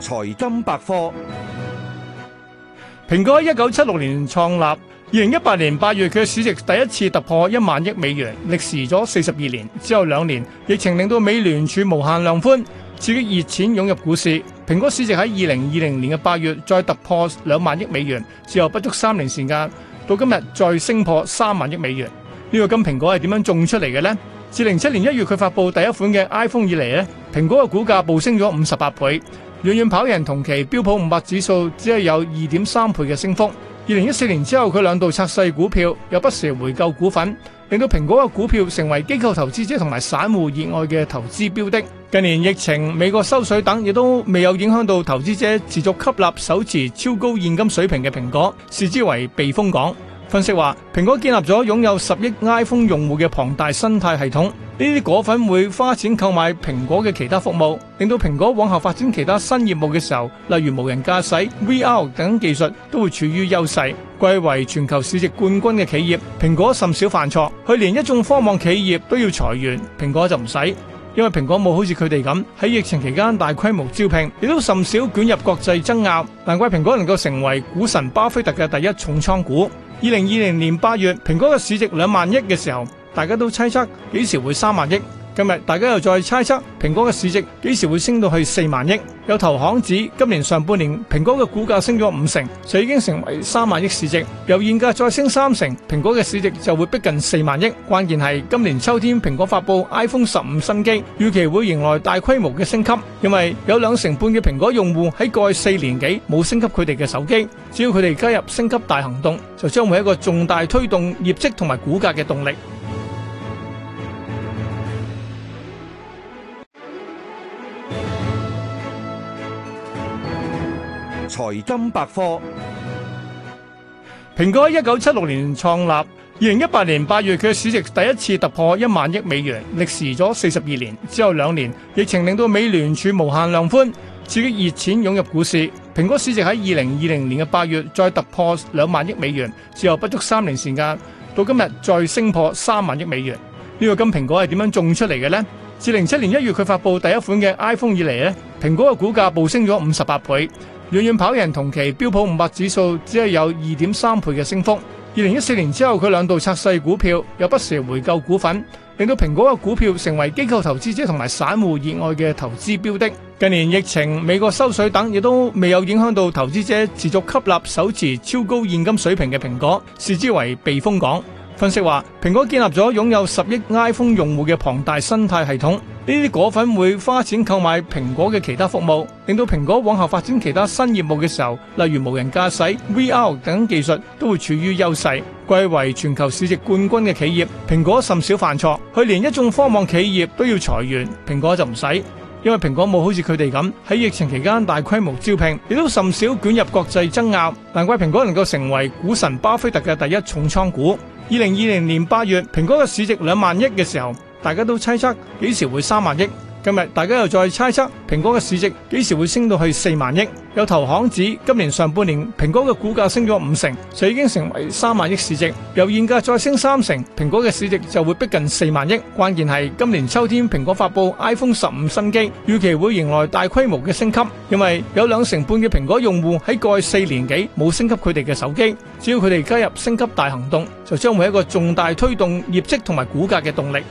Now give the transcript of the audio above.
財金百科，蘋果喺一九七六年創立，二零一八年八月佢嘅市值第一次突破一萬億美元，歷時咗四十二年。之後兩年疫情令到美聯儲無限量寬，刺激熱錢湧入股市。蘋果市值喺二零二零年嘅八月再突破兩萬億美元，之後不足三年時間到今日再升破三萬億美元。呢個金蘋果係點樣種出嚟嘅呢？自零七年一月佢發布第一款嘅 iPhone 以嚟呢，蘋果嘅股價暴升咗五十八倍。遠遠跑贏同期標普五百指數只係有二點三倍嘅升幅。二零一四年之後，佢兩度拆細股票，又不時回購股份，令到蘋果嘅股票成為機構投資者同埋散戶熱愛嘅投資標的。近年疫情、美國收水等，亦都未有影響到投資者持續吸納、手持超高現金水平嘅蘋果，視之為避風港。分析話，蘋果建立咗擁有十億 iPhone 用戶嘅龐大生態系統，呢啲果粉會花錢購買蘋果嘅其他服務，令到蘋果往後發展其他新業務嘅時候，例如無人駕駛、VR 等技術，都會處於優勢。貴為全球市值冠軍嘅企業，蘋果甚少犯錯，佢連一眾科網企業都要裁員，蘋果就唔使。因為蘋果冇好似佢哋咁喺疫情期間大規模招聘，亦都甚少捲入國際爭拗，難怪蘋果能夠成為股神巴菲特嘅第一重倉股。二零二零年八月，蘋果嘅市值兩萬億嘅時候，大家都猜測幾時會三萬億。今日大家又再猜測蘋果嘅市值幾時會升到去四萬億？有投行指今年上半年蘋果嘅股價升咗五成，就已經成為三萬億市值。由現價再升三成，蘋果嘅市值就會逼近四萬億。關鍵係今年秋天蘋果發布 iPhone 十五新機，預期會迎來大規模嘅升級，因為有兩成半嘅蘋果用戶喺過去四年幾冇升級佢哋嘅手機。只要佢哋加入升級大行動，就將會一個重大推動業績同埋股價嘅動力。財金百科，蘋果喺一九七六年創立，二零一八年八月佢嘅市值第一次突破一萬億美元，歷時咗四十二年。之後兩年疫情令到美聯儲無限量寬，刺激熱錢湧入股市。蘋果市值喺二零二零年嘅八月再突破兩萬億美元，之後不足三年時間到今日再升破三萬億美元。呢個金蘋果係點樣種出嚟嘅呢？自零七年一月佢發佈第一款嘅 iPhone 以嚟咧，蘋果嘅股價暴升咗五十八倍。遠遠跑贏同期標普五百指數，只係有二點三倍嘅升幅。二零一四年之後，佢兩度拆細股票，又不時回購股份，令到蘋果嘅股票成為機構投資者同埋散戶熱愛嘅投資標的。近年疫情、美國收水等，亦都未有影響到投資者持續吸納、手持超高現金水平嘅蘋果，視之為避風港。分析話，蘋果建立咗擁有十億 iPhone 用戶嘅龐大生態系統，呢啲果粉會花錢購買蘋果嘅其他服務，令到蘋果往後發展其他新業務嘅時候，例如無人駕駛、VR 等技術都會處於優勢。貴為全球市值冠軍嘅企業，蘋果甚少犯錯，佢連一眾科網企業都要裁員，蘋果就唔使。因為蘋果冇好似佢哋咁喺疫情期間大規模招聘，亦都甚少捲入國際爭拗，難怪蘋果能夠成為股神巴菲特嘅第一重倉股。二零二零年八月，蘋果嘅市值兩萬億嘅時候，大家都猜測幾時會三萬億。今日大家又再猜測蘋果嘅市值幾時會升到去四萬億？有投行指今年上半年蘋果嘅股價升咗五成，就已經成為三萬億市值。由現價再升三成，蘋果嘅市值就會逼近四萬億。關鍵係今年秋天蘋果發布 iPhone 十五新機，預期會迎來大規模嘅升級，因為有兩成半嘅蘋果用戶喺過去四年幾冇升級佢哋嘅手機。只要佢哋加入升級大行動，就將會有一個重大推動業績同埋股價嘅動力。